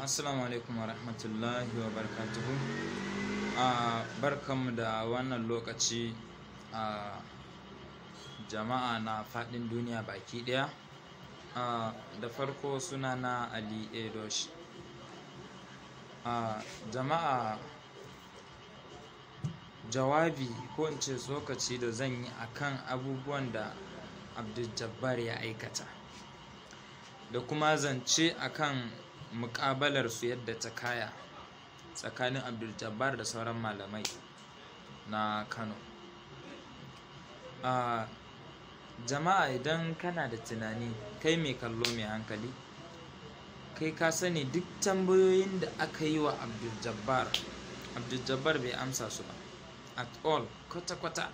assalamu alaikum warahmatullahi wabarakatuhu a barkanmu da wannan lokaci a jama'a na faɗin duniya baki ɗaya da farko suna na ali edosh jama'a jawabi ko in ce tsokaci da zan yi a kan abubuwan da abdul ya aikata da kuma zance akan muƙabalar su yadda ta kaya tsakanin abdul da sauran malamai na kano a jama'a idan kana da tunani kai mai kallo mai hankali kai ka sani duk tambayoyin da aka yi wa abdul-jabbar bai amsa su ba at all kwata-kwata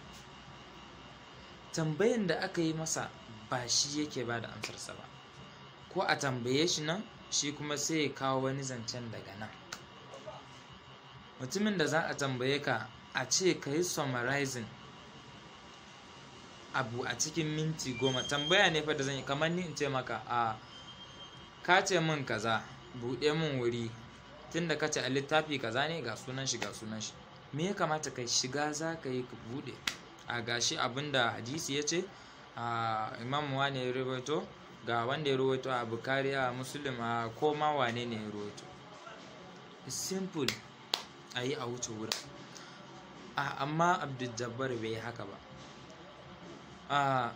Tambayin da aka yi masa ba shi yake ba da amsarsa ba ko a tambaye shi nan shi kuma sai ya kawo wani zancen daga nan mutumin da za a tambaye ka a ce ka yi summarizing abu a cikin minti goma tambaya ne fa da zan yi kamar ni in ce maka a ka ce min kaza buɗe min wuri tunda ka ce a littafi kaza ne ga sunan shi ga sunan shi me ya kamata ka shiga za ka yi ka buɗe a gashi abinda hadisi ya ce imam ne ya rubuto ga wanda ya rawaito a bukari a musulun a koma wane ne ya rawaito simple a yi a wuce wurin amma abdul jabbar bai haka ba a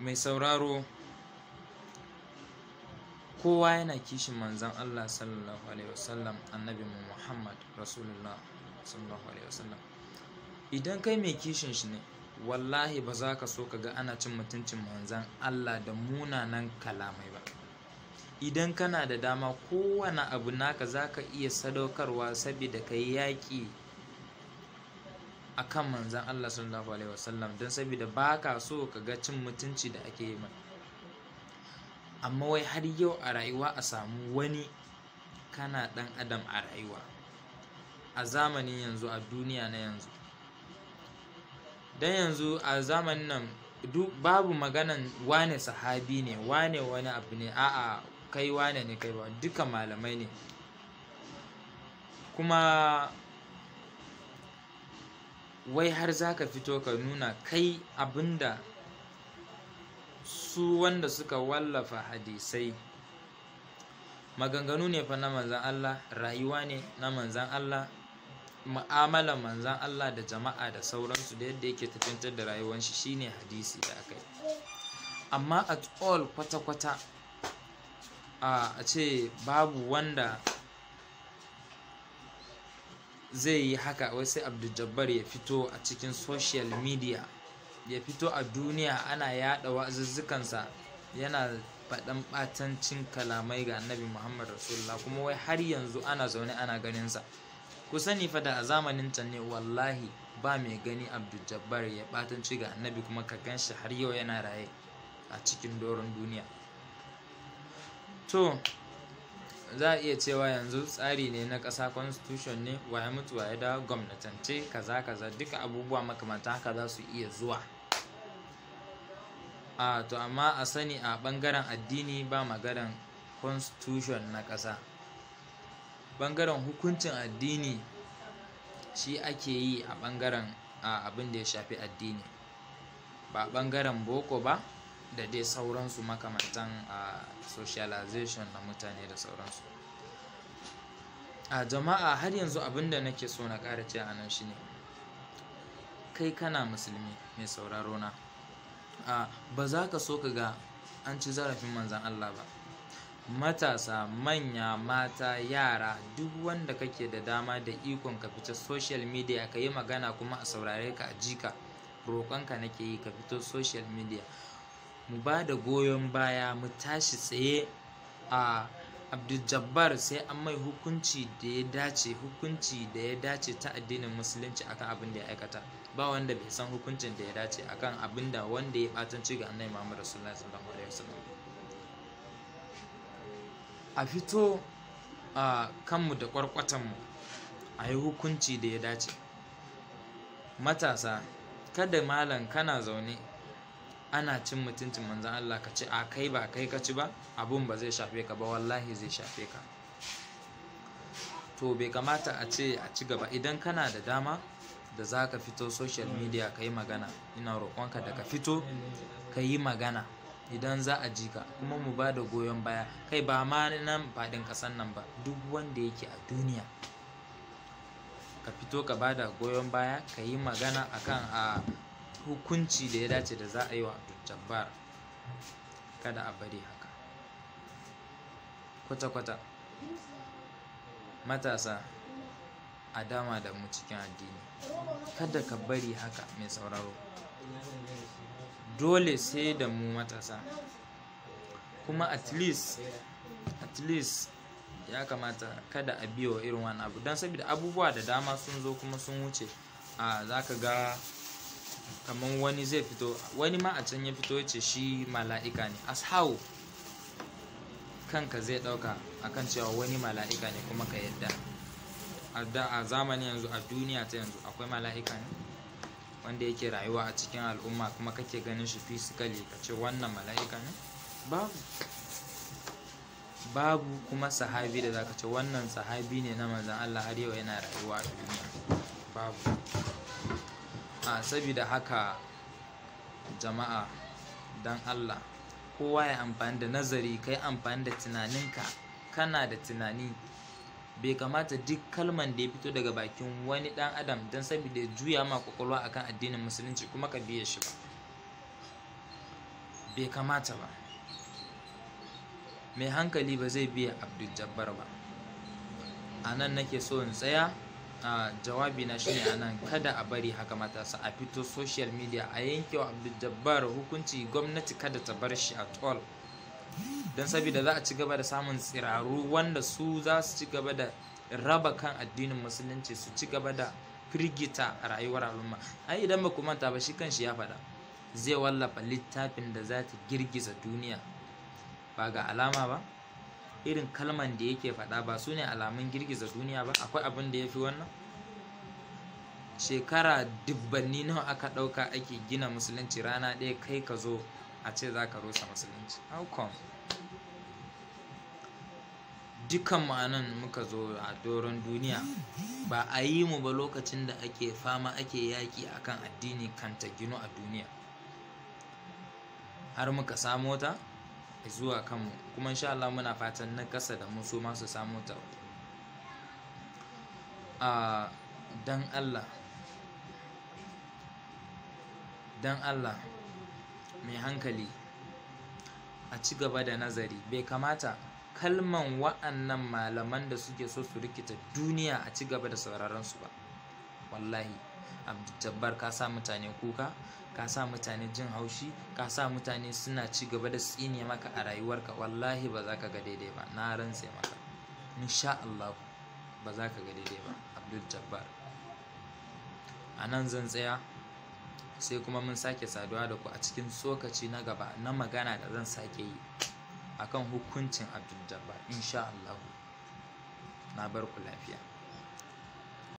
mai sauraro kowa yana kishin manzan allah sallallahu alaihi wasallam annabi muhammad rasulullah sallallahu alaihi wasallam idan kai mai kishin shi ne wallahi ba za ka so ka ga ana cin mutuncin manzan Allah da munanan kalamai ba idan kana da dama kowane abu naka za ka iya sadaukarwa saboda ka yi yaƙi a kan manzan Allah sun alaihi wasallam don saboda ba ka so ka ga cin mutunci da ake yi mai amma wai har yau a rayuwa a samu wani kana ɗan adam a rayuwa a zamanin yanzu a duniya na yanzu dan yanzu a zamanin nan duk babu maganan wane sahabi ne wane wani abu ne a'a kai wane ne kai ba duka malamai ne kuma wai har za ka fito ka nuna kai abinda su wanda suka wallafa hadisai maganganu ne fa na manzan Allah rayuwa ne na manzan Allah mu'amalar manzan Allah da jama'a da sauransu da yadda yake tafintar da rayuwar shi shine hadisi da aka yi amma at all kwata-kwata a ce babu wanda zai yi haka wai sai abdul ya fito a cikin social media ya fito a duniya ana yada wa'azuzzukansa yana faɗan ɓatancin kalamai ga annabi muhammad rasulullah kuma wai har yanzu ana zaune ana ganinsa ku sani fa da a zamanin can ne wallahi ba mai gani abdul jabbar ya batanci ga annabi kuma ka gan shi har yau yana raye a cikin doron duniya to za a iya cewa yanzu tsari ne na ƙasa constitution ne waye mutu waye da gwamnatance kaza kaza duka abubuwa makamanta haka za su iya zuwa a to amma a sani a ɓangaren addini ba maganan constitution na ƙasa ɓangaren hukuncin addini shi ake yi a ɓangaren abin da ya shafi addini ba ɓangaren boko ba da dai sauransu makamantan a socialization na mutane da sauransu a jama'a har yanzu abin da nake so na ƙara ce a nan shine kai kana musulmi mai sauraro na ba za ka so ka ga an ci zarafin manzan Allah ba matasa manya mata yara duk wanda kake da dama da ikon ka fita social media ka yi magana kuma a saurare ka a jika ka roƙonka nake yi ka fito social media mu ba da goyon baya mu tashi tsaye a abdul sai an mai hukunci da ya dace hukunci da ya dace ta addinin musulunci akan abin da ya aikata ba wanda bai san hukuncin da ya dace akan abin da wanda ya batanci ga annai mamu rasulullahi sallallahu alaihi wasallam a fito a kanmu da kwarkwatanmu a yi hukunci da ya dace matasa kada malam kana zaune ana cin mutuncin manzan Allah ka ce a kai ba kai ka ci ba abun ba zai shafe ka ba wallahi zai shafe ka to bai kamata a ce a ci gaba idan kana da dama da za ka fito social media ka yi magana ina roƙonka da ka fito ka yi magana idan za a ji ka kuma mu ba da goyon baya kai ba ma nan faɗin ƙasan nan ba duk wanda yake a duniya ka fito ka ba da goyon baya ka yi magana akan a hukunci da ya dace da za a yi wa jabbar kada a bari haka kwata-kwata matasa a dama da mu cikin addini kada ka bari haka mai sauraro dole sai da mu matasa kuma at least at least ya kamata kada a biyo irin wani abu don saboda abubuwa da dama sun zo kuma sun wuce a za ka ga kamar wani zai fito wani ma a can ya fito ce shi mala'ika ne as how kanka zai ɗauka akan cewa wani mala'ika ne kuma ka yadda a zamani yanzu a duniya ta yanzu akwai mala'ika ne wanda yake rayuwa a cikin al'umma kuma kake ganin shi fisikali, ka ce wannan mala'ika ne babu babu kuma sahabi da zaka ce wannan sahabi ne na manzan Allah har yau yana rayuwa a duniya babu a saboda haka jama'a don Allah kowa ya amfani da nazari kai amfani da tunaninka kana da tunani bai kamata duk kalman da ya fito daga bakin wani dan adam don saboda juya ma kwakwalwa akan addinin musulunci kuma ka biya shi ba bai kamata ba mai hankali ba zai biya abdul jabbar ba a nan nake so in tsaya a jawabi na shine a nan kada a bari haka matasa a fito social media a yankewa abdul jabbar hukunci gwamnati kada ta bar shi a all don saboda za a ci gaba da samun tsiraru wanda su za su ci gaba da raba kan addinin musulunci su ci gaba da firgita a rayuwar al'umma ai idan ba ku manta ba shi kan shi ya faɗa zai wallafa littafin da za ta girgiza duniya ba ga alama ba irin kalman da yake faɗa ba su ne alamun girgiza duniya ba akwai abin da ya fi wannan shekara dubbanni nawa aka ɗauka ake gina musulunci rana ɗaya kai ka zo a ce za ka rusa musulunci how come dukkan ma'anan muka zo a doron duniya ba a yi mu ba lokacin da ake fama ake yaƙi akan addini kan ta gino a duniya har muka samo ta zuwa kanmu kuma insha Allah muna fatan na kasa da musu su masu samo ta a dan Allah dan Allah mai hankali a ci gaba da nazari bai kamata kalman wa'annan malaman da suke so su rikita duniya a ci gaba da sauraron su ba wallahi abdujabbar ka sa mutane kuka ka sa mutane jin haushi ka sa mutane suna ci gaba da tsine maka a rayuwarka wallahi ba za ka ga daidai ba na rantse maka insha Allah ba za ka ga daidai ba abdul jabbar a nan zan tsaya sai kuma mun sake saduwa da ku a cikin tsokaci na gaba na magana da zan sake yi akan hukuncin abdul jabbar insha Allah na bar ku lafiya